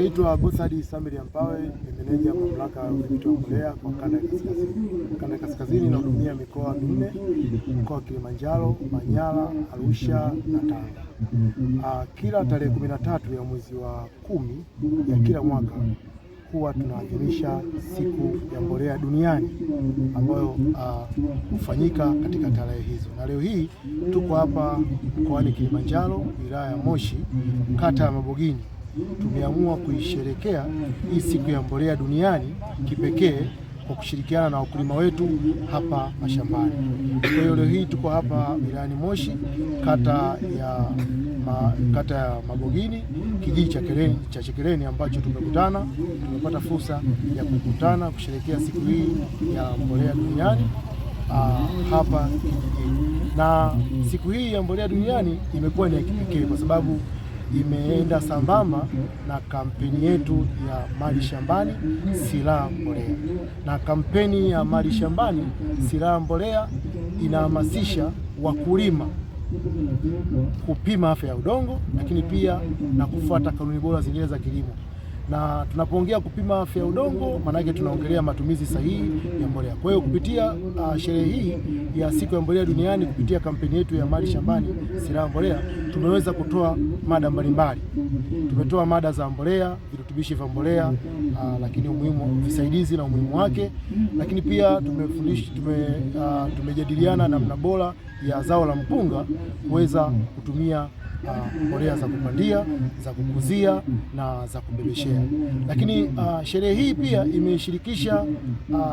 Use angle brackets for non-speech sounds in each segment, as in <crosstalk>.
Naitwa Gosadi Samiri Ampawe, ni meneja mamlaka ya udhibiti wa mbolea kwa kanda ya kaskazini. Kanda ya kaskazini inahudumia mikoa minne, mkoa wa Kilimanjaro, Manyara, Arusha na Tanga. Ah, kila tarehe kumi na tatu ya mwezi wa kumi ya kila mwaka huwa tunaadhimisha siku ya mbolea duniani ambayo ah, hufanyika uh, katika tarehe hizo, na leo hii tuko hapa mkoani Kilimanjaro, wilaya ya Moshi, kata ya Mabogini tumeamua kuisherekea hii siku ya mbolea duniani kipekee kwa kushirikiana na wakulima wetu hapa mashambani. Kwa hiyo leo hii tuko hapa wilayani Moshi, kata ya ma, kata ya Magogini, kijiji cha Kereni, cha Chekereni ambacho tumekutana, tumepata fursa ya kukutana kusherekea siku hii ya mbolea duniani aa, ah, hapa kijijini na siku hii ya mbolea duniani imekuwa ni ya kipekee kwa sababu imeenda sambamba na kampeni yetu ya mali shambani silaha mbolea. Na kampeni ya mali shambani silaha mbolea inahamasisha wakulima kupima afya ya udongo, lakini pia na kufuata kanuni bora zingine za kilimo na tunapoongea kupima afya ya udongo, maanake tunaongelea matumizi sahihi ya mbolea. Kwa hiyo kupitia uh, sherehe hii ya siku ya mbolea duniani, kupitia kampeni yetu ya Mali Shambani, Silaha Mbolea, tumeweza kutoa mada mbalimbali. Tumetoa mada za mbolea, virutubishi vya mbolea, uh, lakini umuhimu, visaidizi na umuhimu wake, lakini pia tumefundisha tume, uh, tumejadiliana namna bora ya zao la mpunga kuweza kutumia uh, mbolea za kupandia, za kukuzia na za kubebeshea. Lakini uh, sherehe hii pia imeshirikisha uh,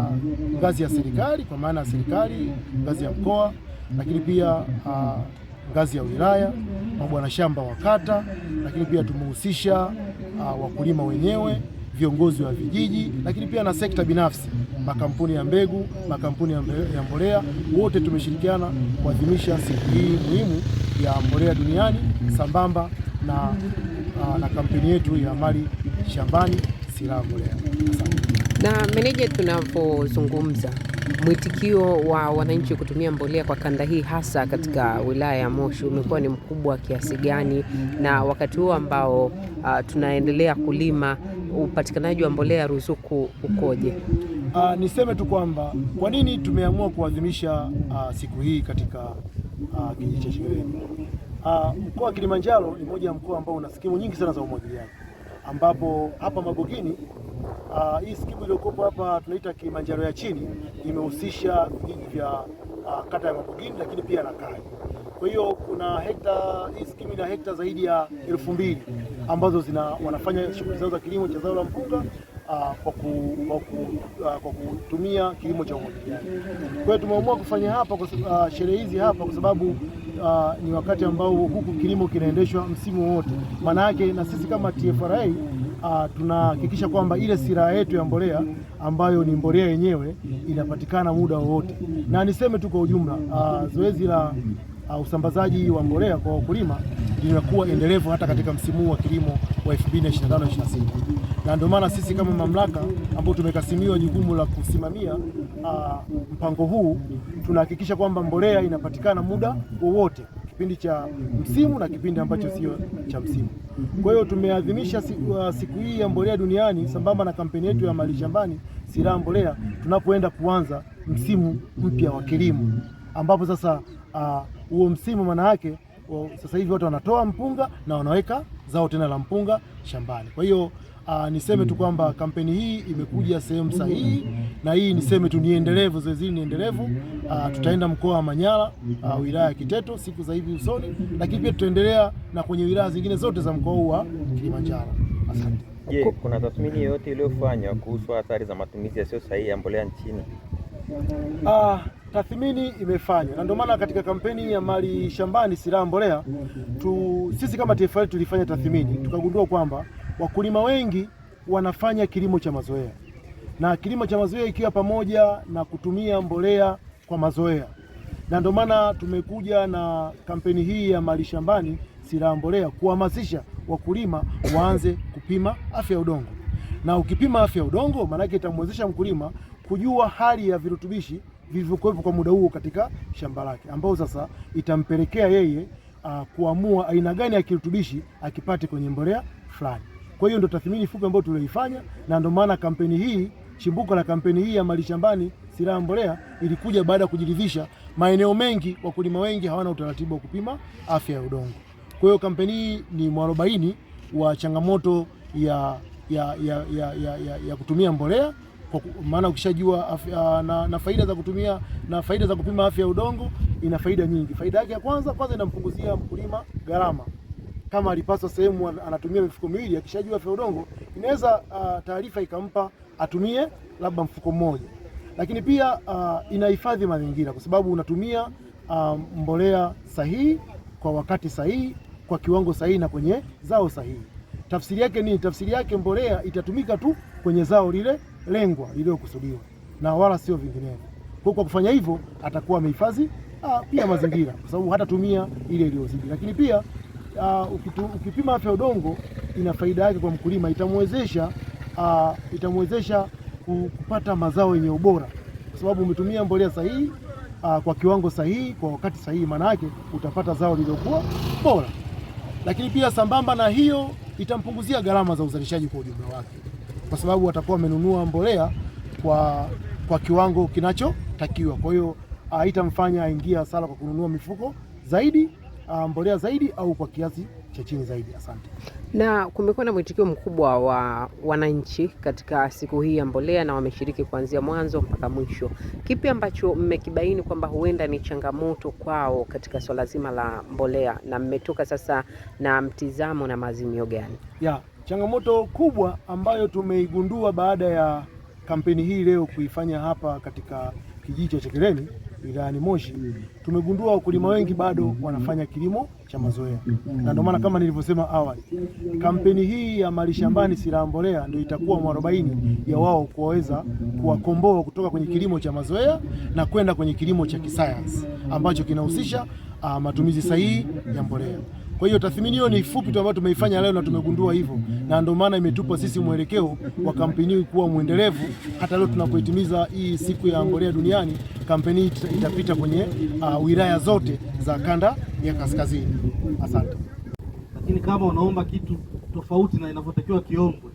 ngazi ya serikali kwa maana ya serikali, ngazi ya mkoa, lakini pia uh, ngazi ya wilaya, mabwana shamba wa kata, lakini pia tumehusisha uh, wakulima wenyewe viongozi wa vijiji lakini pia na sekta binafsi, makampuni ya mbegu, makampuni ya mbolea, wote tumeshirikiana kuadhimisha siku hii muhimu ya mbolea duniani sambamba na, ah, na kampeni yetu ya mali shambani silaha mbolea. Na meneja, tunapozungumza mwitikio wa wananchi kutumia mbolea kwa kanda hii hasa katika wilaya ya Moshi umekuwa ni mkubwa kiasi gani? Na wakati huo ambao uh, tunaendelea kulima upatikanaji wa mbolea ruzuku ukoje? Uh, niseme tu kwamba kwa nini tumeamua kuadhimisha uh, siku hii katika uh, kijiji cha Shireni Uh, mkoa wa Kilimanjaro ni moja ya mkoa ambao una skimu nyingi sana za umwagiliaji ambapo hapa Magogini uh, ah, hii skimu iliyokopo hapa tunaita Kilimanjaro ya chini imehusisha vijiji vya uh, kata ya Magogini lakini pia na Kai. Kwa hiyo kuna hekta, hii skimu ina hekta zaidi ya elfu mbili ambazo zina wanafanya shughuli zao za kilimo cha zao la mpunga Uh, kwa, ku, kwa, ku, uh, kutumia kilimo cha umwagiliaji. Kwa hiyo tumeamua kufanya hapa uh, sherehe hizi hapa kwa sababu uh, ni wakati ambao huku kilimo kinaendeshwa msimu wote. Maana yake na sisi kama TFRA uh, tunahakikisha kwamba ile siraha yetu ya mbolea ambayo ni mbolea yenyewe inapatikana muda wowote, na niseme tu kwa ujumla uh, zoezi la uh, usambazaji wa mbolea kwa wakulima linakuwa endelevu hata katika msimu wa kilimo wa 2025/26 na ndio maana sisi kama mamlaka ambao tumekasimiwa jukumu la kusimamia uh, mpango huu tunahakikisha kwamba mbolea inapatikana muda wowote, kipindi cha msimu na kipindi ambacho sio cha msimu. Kwa hiyo tumeadhimisha siku, uh, siku hii ya mbolea duniani sambamba na kampeni yetu ya mali shambani, silaha mbolea, tunapoenda kuanza msimu mpya wa kilimo ambapo sasa uh, huo uh, msimu maana yake sasa hivi watu wanatoa mpunga na wanaweka zao tena la mpunga shambani. Kwa hiyo Uh, niseme tu kwamba kampeni hii imekuja sehemu sahihi, na hii niseme tu ni endelevu, zoezi ni endelevu. Uh, ah, tutaenda mkoa wa Manyara, uh, wilaya ya Kiteto siku za hivi usoni, lakini pia tutaendelea na kwenye wilaya zingine zote za mkoa huu wa Kilimanjaro. Asante. Je, kuna tathmini yoyote iliyofanywa kuhusu athari za matumizi yasiyo sahihi ya mbolea nchini? Uh, tathmini imefanywa na ndio maana katika kampeni ya mali shambani, silaha mbolea tu, sisi kama TFL tulifanya tathmini tukagundua kwamba Wakulima wengi wanafanya kilimo cha mazoea, na kilimo cha mazoea ikiwa pamoja na kutumia mbolea kwa mazoea, na ndio maana tumekuja na kampeni hii ya Mali Shambani Silaha Mbolea kuhamasisha wakulima waanze kupima afya ya udongo, na ukipima afya ya udongo maanake itamwezesha mkulima kujua hali ya virutubishi vilivyokuwepo kwa muda huo katika shamba lake, ambao sasa itampelekea yeye uh, kuamua aina gani ya kirutubishi akipate kwenye mbolea fulani. Kwa hiyo ndo tathmini fupi ambayo tulioifanya, na ndo maana kampeni hii chimbuko la kampeni hii ya Mali Shambani Silaha Mbolea ilikuja baada ya kujiridhisha maeneo mengi, wakulima wengi hawana utaratibu wa kupima afya ya udongo. Kwa hiyo kampeni hii ni mwarobaini wa changamoto ya, ya, ya, ya, ya, ya, ya kutumia mbolea kwa maana ukishajua afya, na, na faida za kutumia na faida za kupima afya ya udongo, ina faida nyingi. Faida yake ya kwanza kwanza inampunguzia mkulima gharama kama alipaswa sehemu anatumia mifuko miwili, akishajua vya udongo inaweza uh, taarifa ikampa atumie labda mfuko mmoja, lakini pia uh, inahifadhi mazingira kwa sababu unatumia uh, mbolea sahihi kwa wakati sahihi kwa kiwango sahihi na kwenye zao sahihi. Tafsiri yake ni tafsiri yake, mbolea itatumika tu kwenye zao lile lengwa lililokusudiwa na wala sio vinginevyo. Kwa kufanya hivyo atakuwa amehifadhi pia mazingira, kwa sababu hatatumia ile iliyozidi, lakini pia uh, ukipima afya udongo ina faida yake kwa mkulima, itamwezesha uh, itamwezesha kupata mazao yenye ubora, kwa sababu umetumia mbolea sahihi uh, kwa kiwango sahihi kwa wakati sahihi, maana yake utapata zao lililokuwa bora. Lakini pia sambamba na hiyo itampunguzia gharama za uzalishaji kwa ujumla wake, kwa sababu watakuwa wamenunua mbolea kwa, kwa kiwango kinachotakiwa. Kwa hiyo haitamfanya aingie hasara kwa kununua mifuko zaidi. Ah, mbolea zaidi au kwa kiasi cha chini zaidi. Asante. Na kumekuwa na mwitikio mkubwa wa wananchi katika siku hii ya mbolea, na wameshiriki kuanzia mwanzo mpaka mwisho. Kipi ambacho mmekibaini kwamba huenda ni changamoto kwao katika swala zima la mbolea, na mmetoka sasa na mtizamo na maazimio gani? Ya, changamoto kubwa ambayo tumeigundua baada ya kampeni hii leo kuifanya hapa katika kijiji cha Chekereni wilayani Moshi, tumegundua wakulima wengi bado wanafanya kilimo cha mazoea, na ndio maana kama nilivyosema awali, kampeni hii ya Mali Shambani Silaha Mbolea ndio itakuwa mwarobaini ya wao kuwaweza kuwakomboa kutoka kwenye kilimo cha mazoea na kwenda kwenye kilimo cha kisayansi ambacho kinahusisha uh, matumizi sahihi ya mbolea. Kwa hiyo tathmini hiyo ni fupi tu ambayo tumeifanya leo na tumegundua hivyo, na ndio maana imetupa sisi mwelekeo wa kampeni hii kuwa mwendelevu. Hata leo tunapohitimiza hii siku ya mbolea duniani, kampeni hii itapita kwenye uh, wilaya zote za kanda ya kaskazini. Asante. Lakini kama unaomba kitu tofauti na inavyotakiwa kiombwe,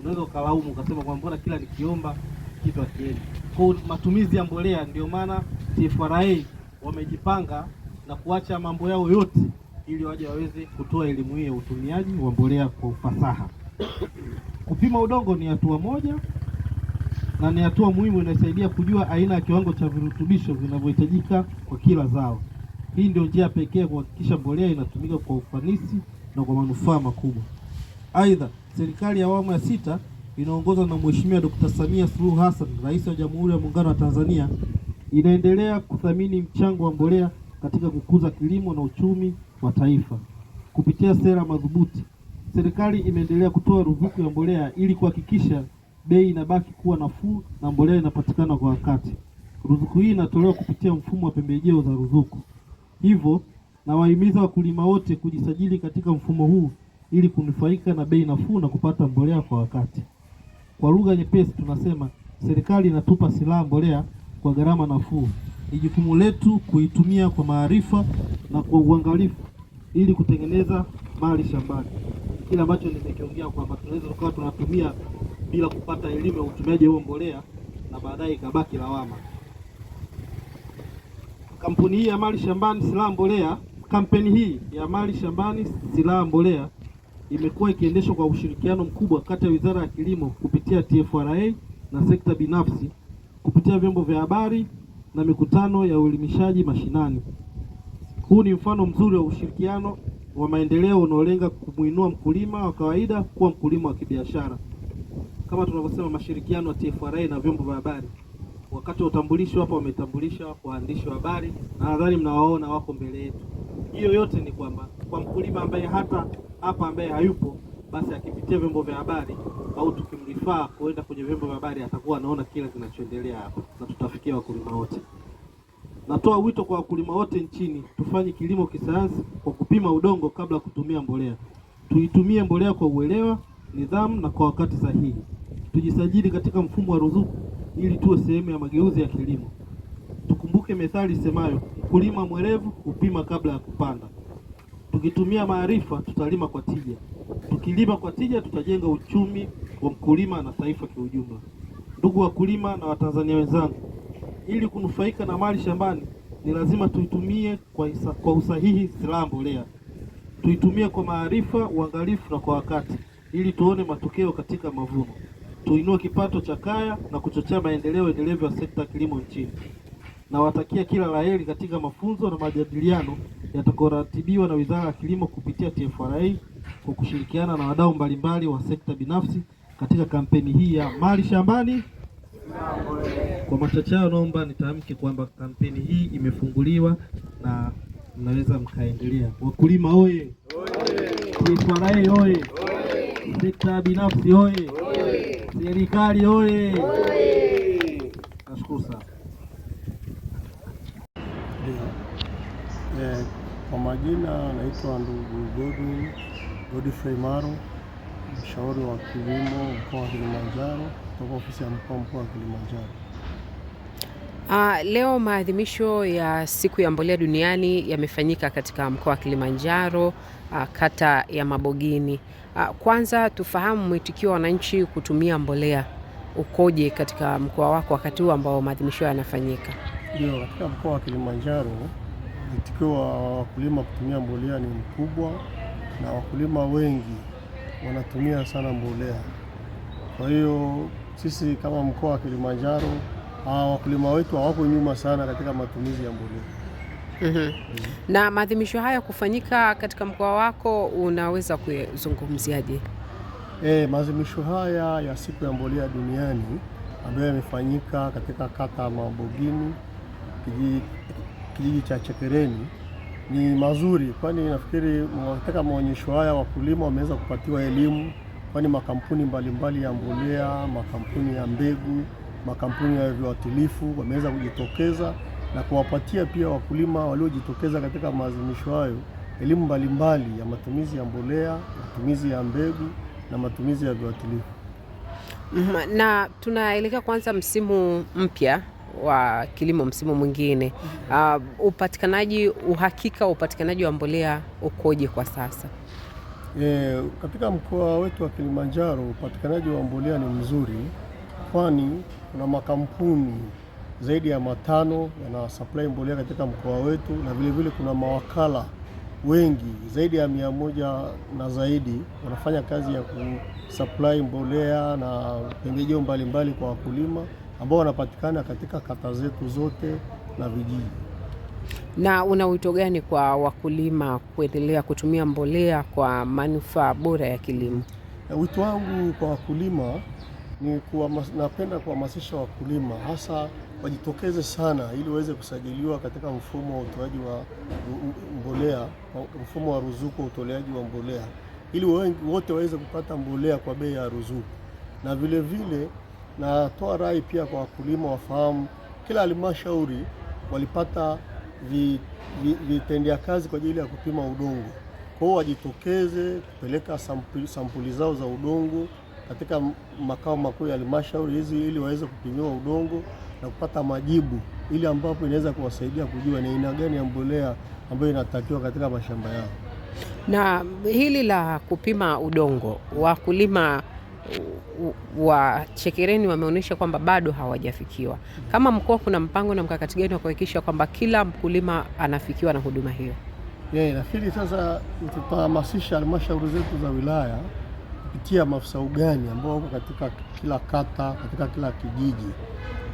unaweza ukalaumu ukasema kwa mbona kila nikiomba kitu akiendi. Kwa matumizi ya mbolea, ndio maana TFRA wamejipanga na kuacha mambo yao yote ili waje waweze kutoa elimu hii ya utumiaji wa mbolea kwa ufasaha. Kupima udongo ni hatua moja na ni hatua muhimu inasaidia kujua aina ya kiwango cha virutubisho vinavyohitajika kwa kila zao. Hii ndio njia pekee ya kuhakikisha mbolea inatumika kwa ufanisi na kwa manufaa makubwa. Aidha, serikali ya awamu ya sita inaongozwa na Mheshimiwa Dr. Samia Suluhu Hassan, Rais wa Jamhuri ya Muungano wa Tanzania, inaendelea kuthamini mchango wa mbolea katika kukuza kilimo na uchumi wa taifa. Kupitia sera madhubuti, serikali imeendelea kutoa ruzuku ya mbolea ili kuhakikisha bei inabaki kuwa nafuu na mbolea inapatikana kwa wakati. Ruzuku hii inatolewa kupitia mfumo wa pembejeo za ruzuku. Hivyo nawahimiza wakulima wote kujisajili katika mfumo huu ili kunufaika na bei nafuu na kupata mbolea kwa wakati. Kwa lugha nyepesi tunasema serikali inatupa silaha mbolea kwa gharama nafuu ni jukumu letu kuitumia kwa maarifa na kwa uangalifu ili kutengeneza mali shambani, kile ambacho nimekiongea kwamba tunaweza tukawa tunatumia bila kupata elimu ya utumiaji huo mbolea na baadaye ikabaki lawama. Kampuni hii ya mali shambani silaha mbolea, kampeni hii ya mali shambani silaha mbolea imekuwa ikiendeshwa kwa ushirikiano mkubwa kati ya Wizara ya Kilimo kupitia TFRA na sekta binafsi kupitia vyombo vya habari na mikutano ya uelimishaji mashinani. Huu ni mfano mzuri wa ushirikiano wa maendeleo unaolenga kumwinua mkulima wa kawaida kuwa mkulima wa kibiashara. Kama tunavyosema mashirikiano ya TFRA na vyombo vya habari, wakati wa utambulisho hapa wametambulisha waandishi wa habari na nadhani mnawaona wako mbele yetu. Hiyo yote ni kwamba kwa mkulima ambaye hata hapa ambaye hayupo basi akipitia vyombo vya habari au tukimrifaa kuenda kwenye vyombo vya habari atakuwa anaona kila kinachoendelea hapa, na tutafikia wakulima wote. Natoa wito kwa wakulima wote nchini, tufanye kilimo kisayansi kwa kupima udongo kabla ya kutumia mbolea. Tuitumie mbolea kwa uelewa, nidhamu na kwa wakati sahihi. Tujisajili katika mfumo wa ruzuku ili tuwe sehemu ya mageuzi ya kilimo. Tukumbuke methali semayo, mkulima mwerevu hupima kabla ya kupanda. Tukitumia maarifa, tutalima kwa tija. Tukilima kwa tija, tutajenga uchumi wa mkulima na taifa kiujumla. Ndugu wakulima na Watanzania wenzangu, ili kunufaika na mali shambani ni lazima tuitumie kwa, isa, kwa usahihi silaha mbolea. Tuitumie kwa maarifa, uangalifu na kwa wakati, ili tuone matokeo katika mavuno, tuinue kipato cha kaya na kuchochea maendeleo endelevu ya sekta ya kilimo nchini. Nawatakia kila laheri katika mafunzo na majadiliano yatakayoratibiwa na Wizara ya Kilimo kupitia TFRA kwa kushirikiana na wadau mbalimbali wa sekta binafsi katika kampeni hii ya Mali Shambani. Kwa machache hayo, naomba nitamke kwamba kampeni hii imefunguliwa na mnaweza mkaendelea. Wakulima oye! Kiiswanae oye! Sekta binafsi oye! Serikali oye! Nashukuru sana. Eh, eh, kwa majina anaitwa ndugu Godwin Godfrey Maro, mshauri wa kilimo mkoa wa Kilimanjaro kutoka ofisi ya mkoa mkoa wa Kilimanjaro. Uh, leo maadhimisho ya siku ya mbolea duniani yamefanyika katika mkoa wa Kilimanjaro, uh, kata ya Mabogini. Uh, kwanza tufahamu mwitikio wa wananchi kutumia mbolea ukoje katika mkoa wako wakati huu ambao maadhimisho yanafanyika? Ndio, katika mkoa wa Kilimanjaro mwitikio wa wakulima kutumia mbolea ni mkubwa na wakulima wengi wanatumia sana mbolea. Kwa hiyo sisi kama mkoa wa Kilimanjaro wakulima wetu hawako nyuma sana katika matumizi ya mbolea. mm -hmm. Mm. Na maadhimisho haya kufanyika katika mkoa wako unaweza kuzungumziaje? E, eh, maadhimisho haya ya siku ya mbolea duniani ambayo yamefanyika katika kata ya Mabogini kijiji cha Chekereni ni mazuri, kwani nafikiri katika maonyesho haya wakulima wameweza kupatiwa elimu, kwani makampuni mbalimbali mbali ya mbolea, makampuni ya mbegu, makampuni ya viuatilifu wameweza kujitokeza na kuwapatia pia wakulima waliojitokeza katika maadhimisho hayo elimu mbalimbali ya matumizi ya mbolea, matumizi ya mbegu na matumizi ya viuatilifu. Na tunaelekea kuanza msimu mpya wa kilimo msimu mwingine. Mhm. Uh, upatikanaji uhakika wa upatikanaji wa mbolea ukoje kwa sasa? E, katika mkoa wetu wa Kilimanjaro upatikanaji wa mbolea ni mzuri, kwani kuna makampuni zaidi ya matano yana supply mbolea katika mkoa wetu, na vilevile vile kuna mawakala wengi zaidi ya mia moja na zaidi wanafanya kazi ya kusupply mbolea na pembejeo mbalimbali kwa wakulima ambao wanapatikana katika kata zetu zote na vijiji. Na una wito gani kwa wakulima kuendelea kutumia mbolea kwa manufaa bora ya kilimo? Eh, wito wangu kwa wakulima ni kuwa, napenda kuhamasisha wakulima hasa wajitokeze sana ili waweze kusajiliwa katika mfumo wa utoaji wa mbolea, mfumo wa ruzuku wa utoleaji wa mbolea ili wote waweze kupata mbolea kwa bei ya ruzuku na vilevile vile, Natoa rai pia kwa wakulima wafahamu, kila halmashauri walipata vitendea vi, vi kazi kwa ajili ya kupima udongo. Kwa hiyo wajitokeze kupeleka sampuli, sampuli zao za udongo katika makao makuu ya halmashauri hizi ili waweze kupimiwa udongo na kupata majibu, ili ambapo inaweza kuwasaidia kujua ni aina gani ya mbolea ambayo inatakiwa katika mashamba yao. Na hili la kupima udongo, wakulima wa Chekereni wameonyesha kwamba bado hawajafikiwa. Kama mkoa, kuna mpango na mkakati gani wa kuhakikisha kwamba kila mkulima anafikiwa na huduma hiyo? Yeah, nafikiri sasa tutahamasisha halmashauri zetu za wilaya kupitia maafisa ugani ambao wako katika kila kata, katika kila kijiji,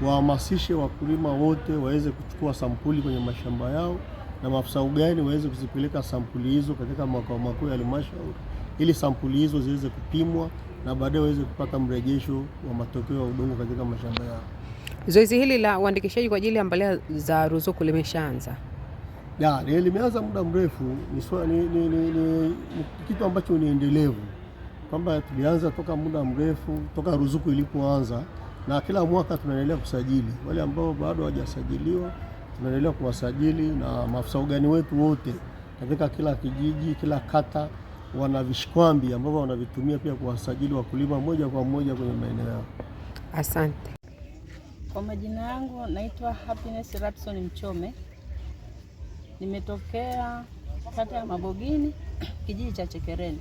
wahamasishe wakulima wote waweze kuchukua sampuli kwenye mashamba yao na maafisa ugani waweze kuzipeleka sampuli hizo katika makao makuu ya halmashauri ili sampuli hizo ziweze kupimwa na baadaye waweze kupata mrejesho wa matokeo ya udongo katika mashamba yao. Zoezi hili la uandikishaji kwa ajili ya mbolea za ruzuku limeshaanza? Ya, limeanza muda mrefu. Ni, ni, ni, ni, ni kitu ambacho ni endelevu kwamba tulianza toka muda mrefu toka ruzuku ilipoanza, na kila mwaka tunaendelea kusajili wale ambao bado hawajasajiliwa, tunaendelea kuwasajili na maafisa ugani wetu wote katika kila kijiji, kila kata wana vishkwambi ambavyo wanavitumia pia kuwasajili wakulima moja kwa moja kwenye maeneo yao. Asante. Kwa majina yangu naitwa Happiness Rapson Mchome, nimetokea kata ya Mabogini, <clears throat> kijiji cha Chekereni.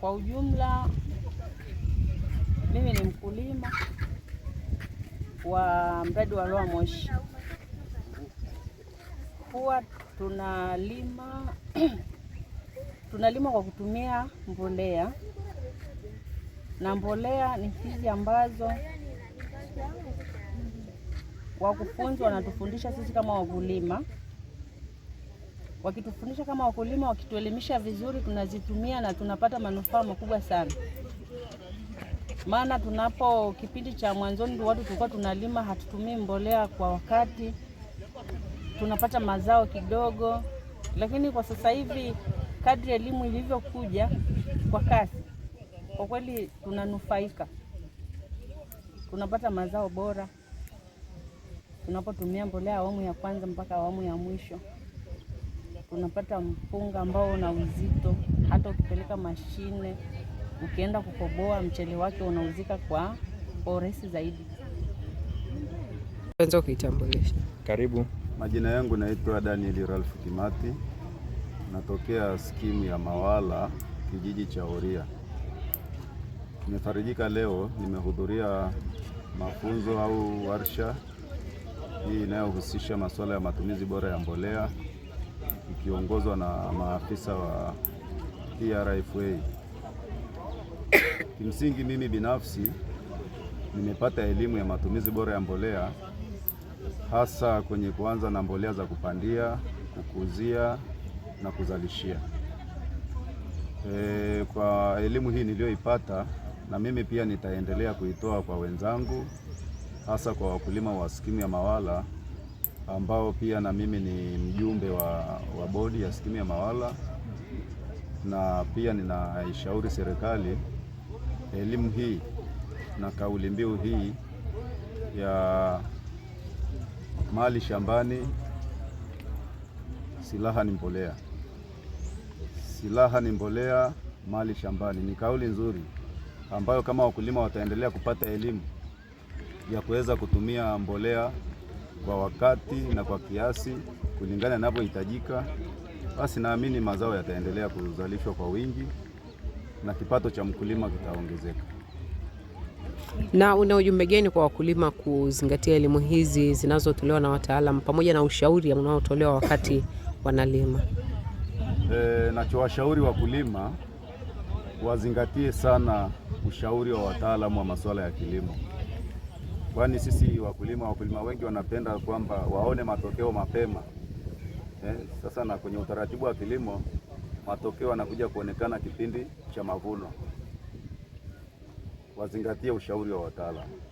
Kwa ujumla, mimi ni mkulima wa mradi wa Loa Moshi. Huwa tunalima <clears throat> tunalima kwa kutumia mbolea, na mbolea ni hizi ambazo wakufunzi wanatufundisha sisi kama wakulima. Wakitufundisha kama wakulima, wakituelimisha vizuri, tunazitumia na tunapata manufaa makubwa sana. Maana tunapo kipindi cha mwanzoni, watu tulikuwa tunalima, hatutumii mbolea kwa wakati tunapata mazao kidogo, lakini kwa sasa hivi kadri elimu ilivyokuja kwa kasi, kwa kweli tunanufaika, tunapata mazao bora tunapotumia mbolea awamu ya kwanza mpaka awamu ya mwisho. Tunapata mpunga ambao una uzito, hata ukipeleka mashine, ukienda kukoboa mchele wake unauzika kwa urahisi zaidi. Karibu. Majina yangu naitwa Daniel Ralph Kimati, natokea skimu ya Mawala, kijiji cha Oria. Nimefarijika leo, nimehudhuria mafunzo au warsha hii inayohusisha masuala ya matumizi bora ya mbolea ikiongozwa na maafisa wa TRFA. Kimsingi mimi binafsi nimepata elimu ya matumizi bora ya mbolea hasa kwenye kuanza na mbolea za kupandia, kukuzia na kuzalishia. E, kwa elimu hii niliyoipata na mimi pia nitaendelea kuitoa kwa wenzangu hasa kwa wakulima wa skimu ya Mawala ambao pia na mimi ni mjumbe wa, wa bodi ya skimu ya Mawala na pia ninaishauri serikali elimu hii na kauli mbiu hii ya mali shambani, silaha ni mbolea, silaha ni mbolea, mali shambani ni kauli nzuri ambayo kama wakulima wataendelea kupata elimu ya kuweza kutumia mbolea kwa wakati na kwa kiasi kulingana inavyohitajika, basi naamini mazao yataendelea kuzalishwa kwa wingi na kipato cha mkulima kitaongezeka. Na una ujumbe gani kwa wakulima kuzingatia elimu hizi zinazotolewa na wataalamu pamoja na ushauri unaotolewa wakati wanalima? E, nachowashauri wakulima wazingatie sana ushauri wa wataalamu wa masuala ya kilimo, kwani sisi wakulima wakulima wengi wanapenda kwamba waone matokeo mapema. Eh, sasa na kwenye utaratibu wa kilimo matokeo yanakuja kuonekana kipindi cha mavuno wazingatie ushauri wa wataalamu.